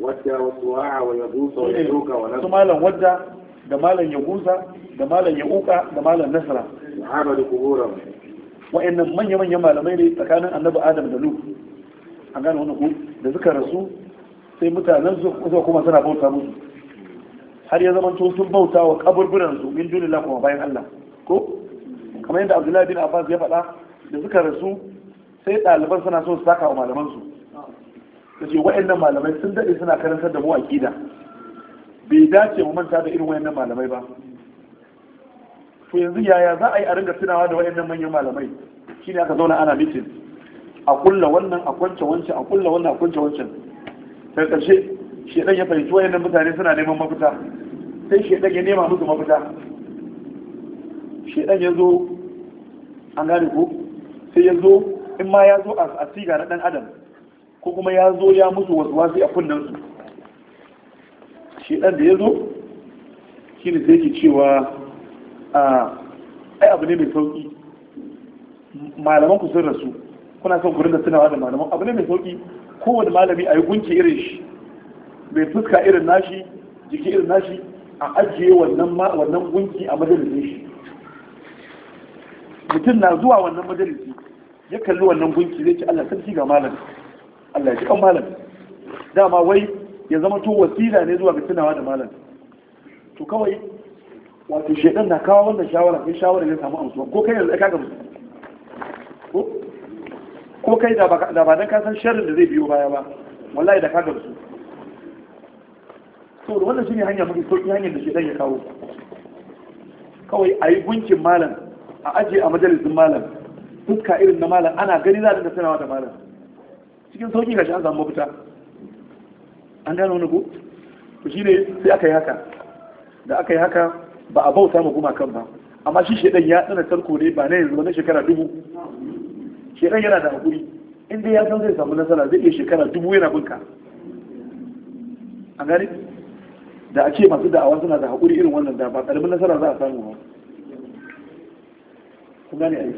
wadda wasu wa'a wa yabusa malam wadda da malam yabusa da malam yauka da malam nasra wa'annan manya-manyan malamai ne tsakanin annabi adam da lu A gane wani ku da suka rasu sai mutanen su kuma suna bauta musu har ya zama sun bauta wa kaburburan su min dunillah kuma bayan Allah ko kamar yadda Abdullahi bin Abbas ya faɗa da suka rasu sai ɗaliban suna so su saka wa malaman su ce wa'annan malamai sun daɗe suna karantar da mu aqida bai dace mu manta da irin wa'annan malamai ba to yanzu yaya za a yi a ringa tunawa da waɗannan manyan malamai shine aka zauna ana mitin a kulla wannan a kwance wancan a kulla wannan a kwance wancan sai ƙarshe shedan ya fahimci waɗannan mutane suna neman mafita sai shedan ya nema musu mafita shedan ya zo an gane ko sai ya zo in ma ya zo a siga na ɗan adam ko kuma ya zo ya musu wasu wasu a kunnan su shedan da ya zo shine sai ke cewa ai abu ne mai sauki malaman ku sun rasu kuna son gurin da tunawa da malaman abu ne mai sauki kowane malami a yi gunki irin shi mai fuska irin nashi jiki irin nashi a ajiye wannan gunki a majalisin shi mutum na zuwa wannan majalisi ya kalli wannan gunki zai ci Allah sarki ga malam Allah ya ci kan malam dama wai ya zama to wasila ne zuwa ga tunawa da malam to kawai wato shaidan na kawo wannan shawara ke shawara ya samu amsuwa ko kai da ka gamsu ko kai da ba dan ka san sharrin da zai biyo baya ba wallahi da ka gamsu to wannan shine hanya mafi sauki hanyar da shaidan ya kawo kawai a yi gunkin malam a ajiye a majalisin malam fuska irin na malam ana gani za a dinga sanawa da malam cikin sauki gashi an samu mafita an gano wani ko to shine sai aka yi haka da aka yi haka ba a bauta kuma kan ba amma shi shedan ya tsana tarko ne ba na yanzu ba na shekara dubu shedan yana da hakuri inda ya san zai samu nasara zai iya shekara dubu yana binka A gani da a ce masu da'awa suna da hakuri irin wannan da ba ƙaramin nasara za a samu ba kun gane ai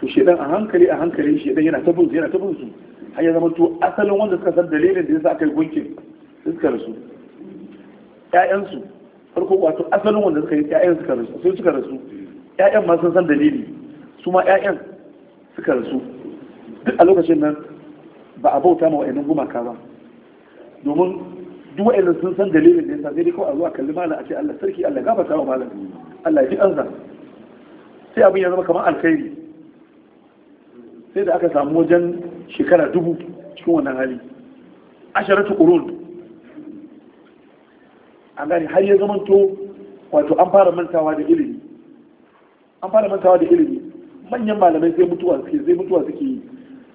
to shedan a hankali a hankali shedan yana ta bunsu yana ta bunsu har ya zama to asalin wanda suka san dalilin da yasa aka yi gunkin suka rasu ƴaƴansu farko wato asalin wanda suka yi ƴaƴan suka rasu sai suka rasu ƴaƴan ma sun san dalili su ma ƴaƴan suka rasu duk a lokacin nan ba a bauta ma wa'annan gumaka ba domin duk wa'annan sun san dalilin da yasa sai dai kawai a zuwa kalli malam a ce Allah sarki Allah gafarta wa malam Allah ji ansa sai abin ya zama kamar alkhairi sai da aka samu wajen shekara dubu cikin wannan hali asharatu qurun an har ya zamanto wato an fara mantawa da ilimi an fara mantawa da ilimi manyan malamai sai mutuwa suke zai mutuwa suke yi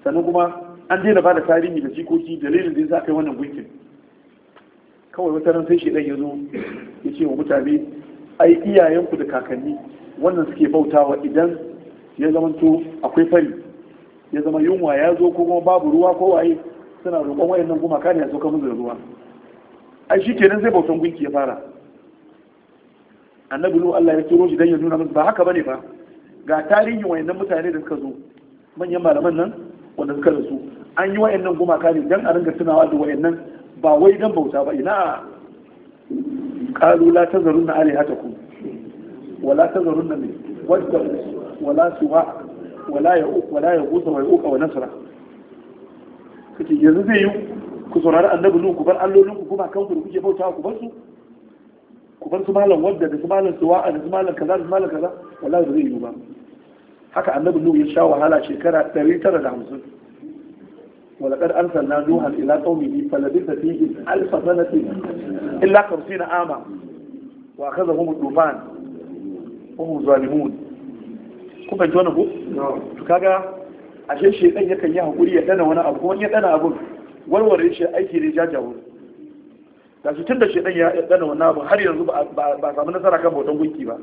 sannan kuma an daina ba da tarihi da jikoki dalilin da ya sa kai wannan gunkin kawai wata ran sai shedan ya zo ya ce wa mutane ai iyayenku da kakanni wannan suke bautawa idan ya zamanto akwai fari ya zama yunwa ya zo ko kuma babu ruwa ko waye suna roƙon wayannan gumaka ne ya zo ka da ruwa ai shi kenan zai bautan gunki ya fara annabi nu Allah ya turo shi dan ya nuna musu ba haka bane ba ga tarihin wayannan mutane da suka zo manyan malaman nan wanda suka rasu an yi wayannan gumaka ne dan a ringa tunawa da wayannan ba wai dan bauta ba ina qalu la tazarunna alihatakum wala tazarunna min wadda wala suwa wala ya wala ya gusa wa yuqa wa nasra kace yanzu zai yi ku saurari annabi nuhu, ku bar allolin ku kuma kanku da kuke bautawa ku bar su ku bar su malam wadda da su malam suwa, da su malam kaza da su malam kaza wallahi ba zai yi ba haka annabi nuhu ya sha wahala shekara 950 ولقد أرسلنا نوحا إلى قومه فلبث فيهم ألف سنة إلا خمسين عاما وأخذهم الطوفان وهم ظالمون kun fahimci wani ku? to kaga ashe shekan yakan yi hakuri ya dana wani abu kuma ya dana abun warware shi aiki ne jajawur da shi tun da shi ɗan ya ɗana wannan abu har yanzu ba samu nasara kan bautan gunki ba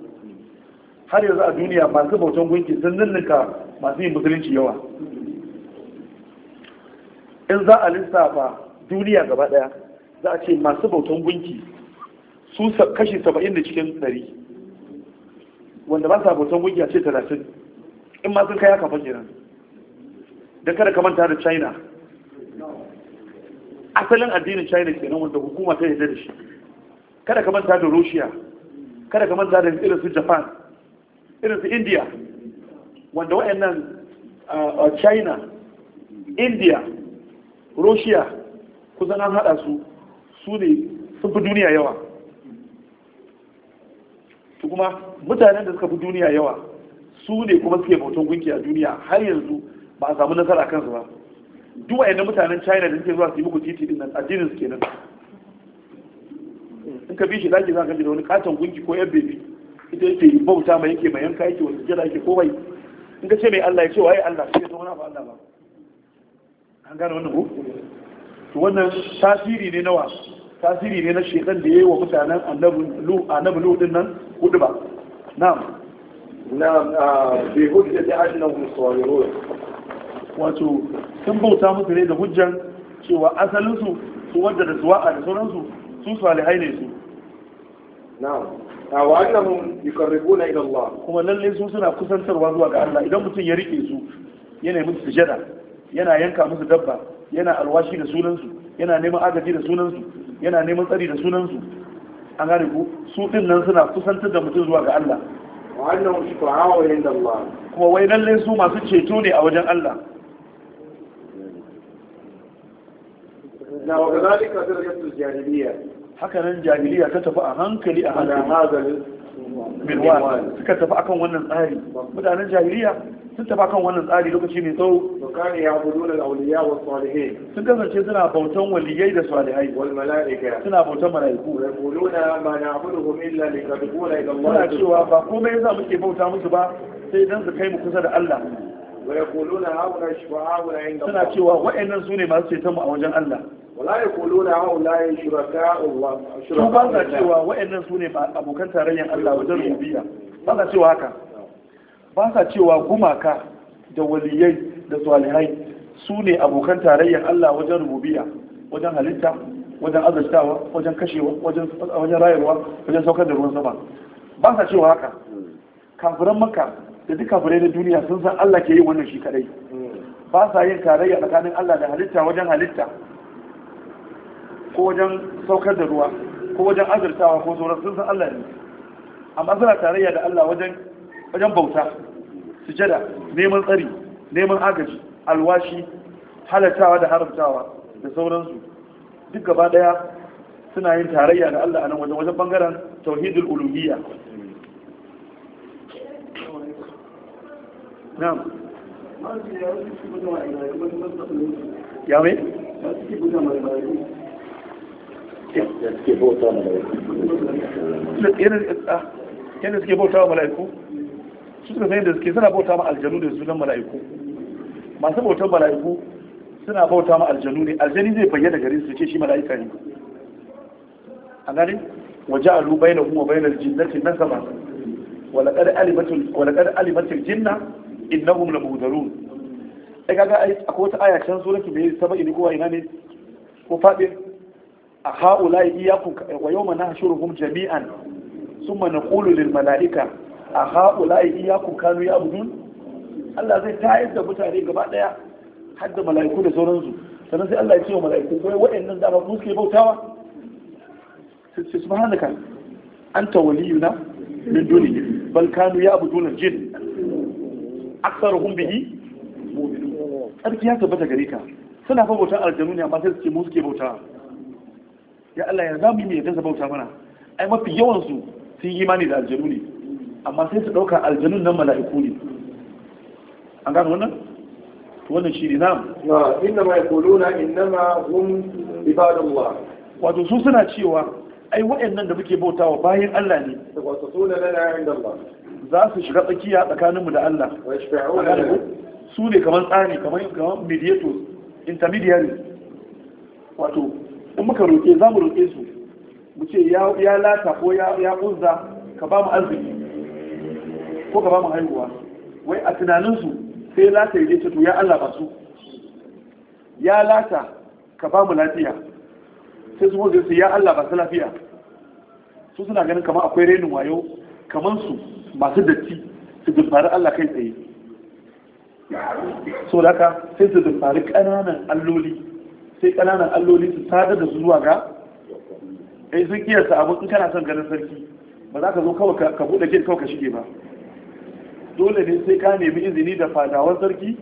har yanzu a duniya masu bautan gunki sun ninninka masu yin musulunci yawa in za a lissafa duniya gaba ɗaya za a ce masu bautan gunki su kashi saba'in da cikin ɗari wanda ba sa bautan gunki a ce talatin in ma sun kai haka kenan don kada ka manta da china asalin addinin china kenan wanda hukuma ta yadda da shi kada ka manta da russia kada ka manta da irin su japan irin su india wanda wayannan uh, uh, china india russia kusan an hada su su ne sun fi duniya yawa su kuma mutanen da suka fi duniya yawa su ne kuma suke bautan gunki a duniya har yanzu ba a samu nasara kansu ba duk yadda mutanen China da suke zuwa su yi muku titi din nan addinin su kenan in ka bi shi zaki za ka da wani katon gunki ko yan bebi ita yake yi bauta mai yake mai yanka yake wani jira yake ko bai in ka ce mai Allah ya ce waye Allah sai ta wani abu Allah ba an gane wannan ko to wannan tasiri ne nawa tasiri ne na shekan da ya yi wa mutanen annabin lu annabi lu din nan hudu ba na'am na'am ah, bi hujjati annahum sawirun wato sun bauta musu ne da hujjan cewa asalinsu su wadda da a da sauransu su salihai ne su wa annahum yuqarribuna ila Allah kuma lalle su suna kusantarwa zuwa ga Allah idan mutum ya rike su yana yi musu sujada yana yanka musu dabba yana alwashi da sunansu yana neman agaji da sunansu yana neman tsari da sunansu an gane ku su din nan suna kusantar da mutum zuwa ga Allah wa annahum shufa'a inda Allah kuma wai lalle su masu ceto ne a wajen Allah na wa kazalika firqatul jahiliya haka nan jahiliya ta tafi a hankali a hankali milwan suka tafi akan wannan tsari mutanen jahiliya sun tafi akan wannan tsari lokaci mai tsawo wakani ya budu da auliya wa salihin sun kasance suna bautan waliyai da salihai wal malaika suna bautan malaiku yaquluna ma na'buduhum illa liyqribuna ila Allah suna cewa ba komai za muke bauta musu ba sai dan su kai mu kusa da Allah wa yaquluna haula shufa'a wa inda suna cewa wa'annan sune masu ceton mu a wajen Allah wala ya kolo na hau layin shuraka Allah su ba sa cewa wa'annan su ne abokan tarayyar Allah wajen rubiya ba sa cewa haka ba sa cewa gumaka da waliyai da salihai su ne abokan tarayyar Allah wajen rubiya wajen halitta wajen azurtawa wajen kashewa wajen rayuwa, wajen saukar da ruwan sama ba sa cewa haka kafiran maka da duka fure na duniya sun san Allah ke yi wannan shi kadai hmm. ba sa yin tarayya tsakanin Allah da halitta wajen halitta ko wajen saukar da ruwa ko wajen azurtawa ko sauran sun san Allah ne amma suna tarayya da Allah wajen wajen bauta sujada neman tsari neman agaji alwashi halatawa da haramtawa da sauransu duk gaba daya suna yin tarayya da Allah a nan wajen wajen bangaren tauhidul uluhiyya na'am ya mai Ah, yadda suke bauta wa mala'iku su suka sanya suke suna bauta ma aljanu da sunan mala'iku masu bautar mala'iku suna bauta ma aljanu ne aljani zai bayyana gari su ce shi mala'ika ne a gani waje a lubai na kuma bayan jinnati na sama walakar alimatul jinna innahum la mudarun ai kaga akwai wata aya can suratu yi saba ini kowa ina ne ko fadin a ha'ula iyakun wa yawma nahshuruhum jami'an sun mana lil mala'ika a ha'ula iyakun kanu ya'budun Allah zai tayar da mutane gaba daya har da mala'iku da sauransu sannan sai Allah ya ce wa mala'iku kai waɗannan da ba ku suke bautawa sai subhanaka anta waliyuna min duni bal kanu ya'buduna jin aktsaruhum bihi mu'minun tsarki ya tabbata gare ka suna fa bautar aljanu ne amma sai su ce mu suke bautawa ya Allah ya zamu yi yadda bauta mana ai mafi yawan su sun yi imani da aljanu ne amma sai su dauka Aljanu nan mala'iku ne an gano wannan to wannan shi ne na inna ma yaquluna ma hum ibadullah wato su suna cewa ai waɗannan da muke bautawa bayan Allah ne wato ne lana inda Allah za su shiga tsakiya tsakaninmu da Allah su ne kamar tsari kamar mediators intermediary wato in muka roƙe za mu roƙe su mu ce ya lata ko ya ƙunza ka ba mu arziki ko ka ba mu haihuwa wai a tunaninsu sai lata ya ce to ya Allah ba su ya lata ka ba mu lafiya sai su gobe su ya Allah ba su lafiya su suna ganin kamar akwai renin wayo kamar su masu datti su dubbari Allah kai tsaye so da ka sai su dubbari ƙananan alloli sai kananan alloli su sadar da su zuwa ga Ai sun kiyasta abu in kana son ganin sarki ba za ka zo kawai ka buɗe gate kawai ka shige ba dole ne sai ka nemi izini da fadawan sarki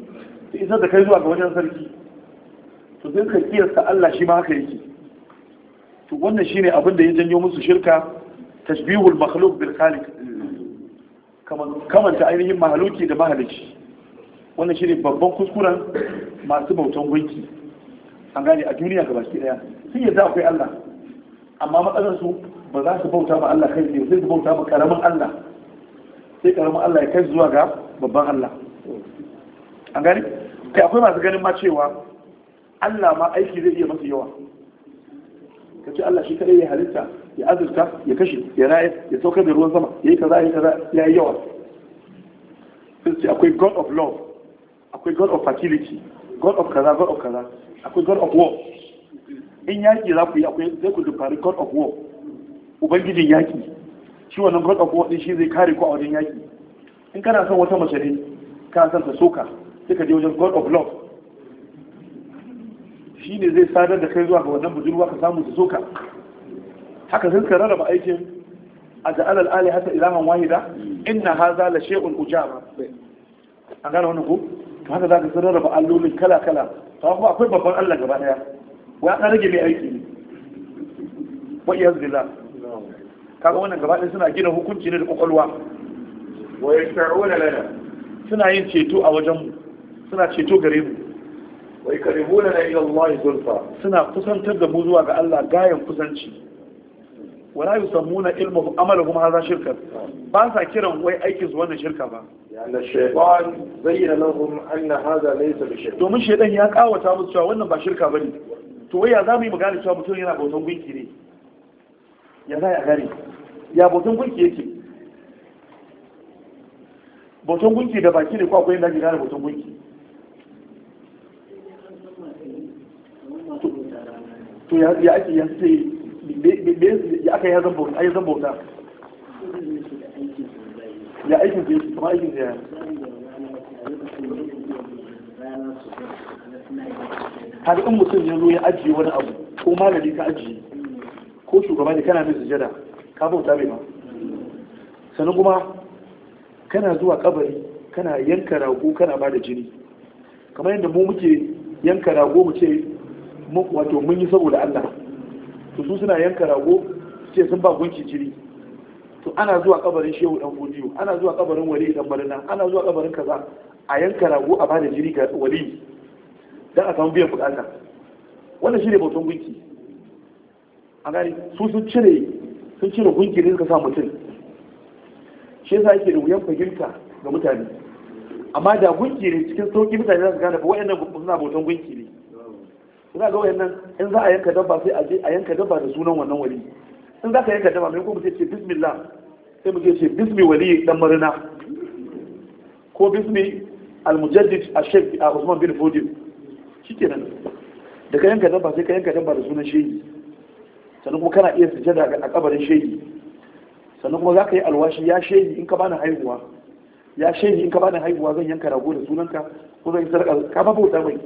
su isar da kai zuwa ga wajen sarki to sai ka kiyasta Allah shi ma haka yake to wannan shine abin da ya janyo musu shirka tashbihul makhluq bil khaliq kamanta ainihin mahaluki da mahalici wannan shine babban kuskuren masu bautan gunki an gane a duniya ga baki daya sun yadda akwai Allah amma matsalar su ba za su bauta ma Allah kai sai su bauta ma karamin Allah sai karamin Allah ya kai zuwa ga babban Allah an gane kai akwai masu ganin ma cewa Allah ma aiki zai iya masa yawa ka ce Allah shi kadai ya halitta ya azurta ya kashe ya raye ya saukar da ruwan sama ya yi kaza ya yi kaza ya yi yawa sai akwai God of love akwai God of fertility God of kaza God of kaza akwai god of war in yaƙi za ku yi akwai zai ku dubari god of war ubangijin yaƙi shi wannan god of war din shi zai kare ku a wajen yaƙi in kana son wata mace ne kana son ta soka sai ka je wajen god of love shi ne zai sadar da kai zuwa ga wannan budurwa ka samu ta soka haka sai ka rarraba aikin a al-ali alihata ilahan wahida inna hadha la shay'un ujaba an gane wannan ko to haka zaka sun rarraba allolin kala kala ta kuma akwai babban Allah gaba daya wa an rage mai aiki ne wa iyaz billah kaga wannan gaba daya suna gina hukunci ne da kokolwa wa ya yashfa'una lana suna yin ceto a wajen mu suna ceto gare mu wa yakribuna ila Allah zulfa suna kusantar da mu zuwa ga Allah gayan kusanci wala yusammuna ilmuhum amalahum hadha shirka ba sa kiran wai aikin su wannan shirka ba yana shaytan zayyana lahum anna hadha laysa bi shirk domin shaidan ya kawata musu cewa wannan ba shirka bane to wai ya zamu yi magana cewa mutum yana bautan gunki ne ya za ya gare ya bautan gunki yake bautan gunki da baki ne ko akwai inda ke gane bautan gunki to ya ake ya sai ya aka yi hazan bauta ayi bauta ya aikin zai yake kuma aikin da har in mutum ya zo ya ajiye wani abu ko malami ka ajiye ko shugaba ne kana mai sujada ka bauta mai ma sannan kuma kana zuwa kabari kana yanka rago kana ba da jini kamar yadda mu muke yanka rago mu ce wato mun yi saboda Allah to su suna yanka rago sai sun ba gunki jiri to ana zuwa kabarin shehu dan godiyo ana zuwa kabarin wali dan barina ana zuwa kabarin kaza a yanka rago a bada jiri ga wali dan a samu biyan bukata wannan shine bautan gunki a gani su sun cire sun cire gunki ne suka sa mutum shi yasa yake da wuyan fahimta ga mutane amma da gunki ne cikin sauki mutane za su gane ba wayannan suna bautan gunki ne ina ga wayannan in za a yanka dabba sai a je a yanka dabba da sunan wannan wali in za ka yanka dabba mai ko mu ce bismillah sai mu ce bismi wali dan marina ko bismi almujaddid a shek a usman bin fudin shikenan da ka yanka dabba sai ka yanka dabba da sunan shehi sannan kuma kana iya sujada a kabarin shehi sannan kuma za ka yi alwashi ya shehi in ka bani haihuwa ya shehi in ka bani haihuwa zan yanka rago da sunanka ko zan yi sarƙa ka ba bauta mai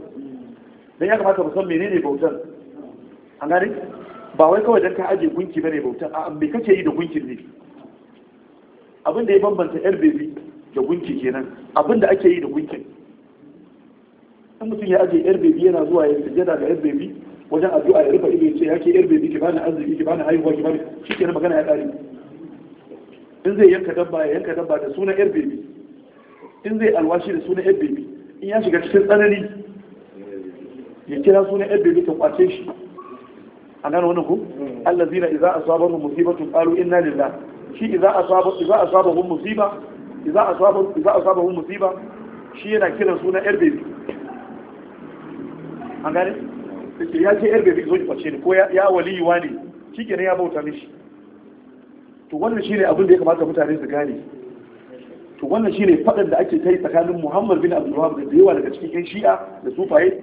dan ya kamata mu san menene bautan an gane ba wai kawai dan ka aje gunki bane bautan a me kake yi da gunkin ne abin da ya bambanta yar bebi da gunki kenan abin da ake yi da gunkin dan mutum ya aje yar bebi yana zuwa ya sujada ga yar bebi wajen addu'a ya rufe ido ya ce yake yar bebi ki bani arziki ki bani haihuwa ki bani shikenan magana ya kare in zai yanka dabba ya yanka dabba da sunan yar bebi in zai alwashi da sunan yar bebi in ya shiga cikin tsanani ya kira sunan yan bebe ta kwace shi a gane wani ku hmm. allazina idza asabahum tun qalu inna lillah shi iza a saba idza asaba idza asabahum musiba idza asaba idza asabahum musiba shi yana kiran sunan yan bebe an gane ya ce yan bebe zo ki kwace ni ko ya waliyuwa ne shi kenan ya bauta mishi to wannan shi ne abin da ya kamata mutane su gane to wannan shi ne faɗan da ake kai tsakanin Muhammad bin Abdul Wahab da yawa daga cikin ƴan Shi'a da Sufaye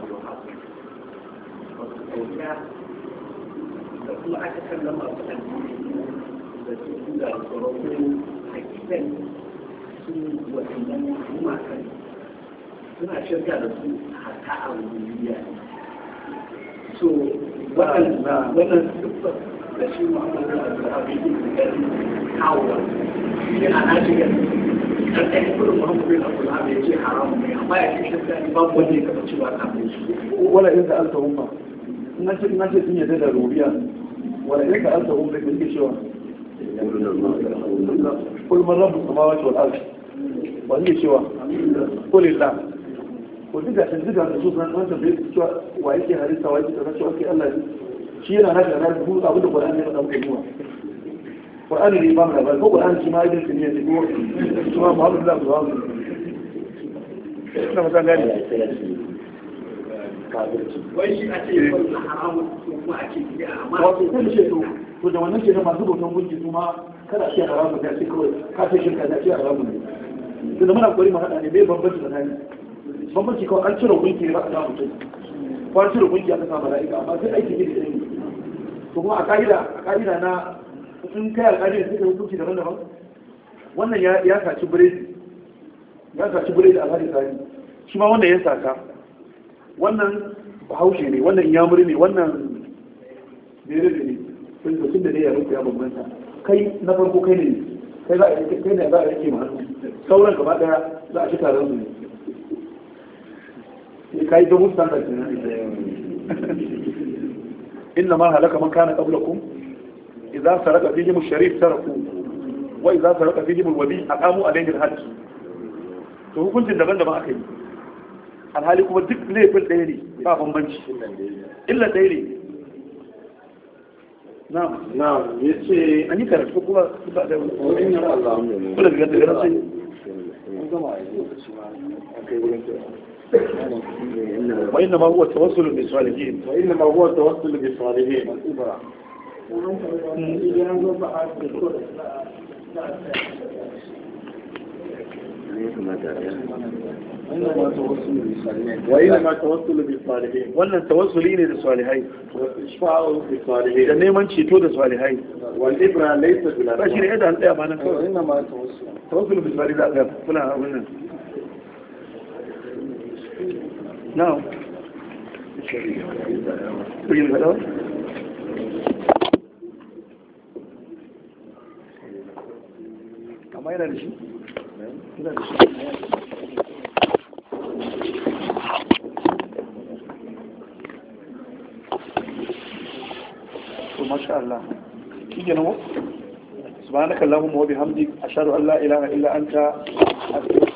kyauta da kuma aka kalla masu addini da su da tsoron hakikan su wasannin gumakan suna shirka da su hatta a wuriya so wannan dubbar da shi ma'amala da abin da kawo shi a nashi da dan ɗan kudin muhammadu bin abdul ya ce haramun ne amma ya ce shirka ne babu wanda ya taɓa cewa kamar shi wala in da na ce na ce sun yadda da rubiya wala ne ka alta umma da kike cewa kul man rabbu samawati wal ardi wa ne cewa kul lillah ko duka sun duka da su san wanda bai cewa wa yake harisa wa yake tsara cewa kai Allah ne shi yana naka na rubu abu da Qur'ani ya faɗa muku Qur'ani ne ba mu da ba ko Qur'ani shi ma yake tunye ne ko kuma Muhammadu sallallahu alaihi wasallam ina mutane kafirci wai shi ake haramun kuma ake yi amma wato kun ce to to da wannan ke da masu bautan gunki kuma kada a ce haramun da ce kawai ka ce shirka da ce haramun ne to da muna kokari mu hada ne bai bambanci da nani bambanci kawai an cire gunki ne ba a mutum ko an cire gunki aka sa mala'ika amma sai aiki ne da ne to kuma a ka'ida a ka'ida na in kai alƙalin sai ka hukunci daban-daban wannan ya saci biredi ya saci biredi a hadin sani shi ma wannan ya saka wannan bahaushe ne wannan yamuri ne wannan mere ne sun da sun da ne ya rufe ya bambanta kai na farko kai ne kai za a yi kai ne za a yake ma sauran gaba daya za a shi taron su ne kai da mutan da ne inna ma halaka man kana qablakum idza saraka fihi musharif sharif wa idza saraka fihi al aqamu alayhi alhajj to hukuncin daban-daban aka yi alhali kuma duk laifin ɗaya ne ba bambanci illa ɗaya ne na'am na'am yace an yi karatu kuma ba da wani insha Allah kula da gaskiya sai an gama a lokaci ma akai wurin وإنما هو التوسل بالصالحين وإنما هو التوسل بالصالحين الإبرة وإنما توصل بالصالحين ولن توصلين إلى الصالحين وإشفاء بالصالحين لأنه من شيطو دا صالحين والإبرة ليس بالأرواح باشر إيدا هل إيه مانا وإنما توصل توصل بالصالحين فلا أقولنا نعم بجل هذا amma yana da shi yana da shi masha Allah shi ke an la ilaha illa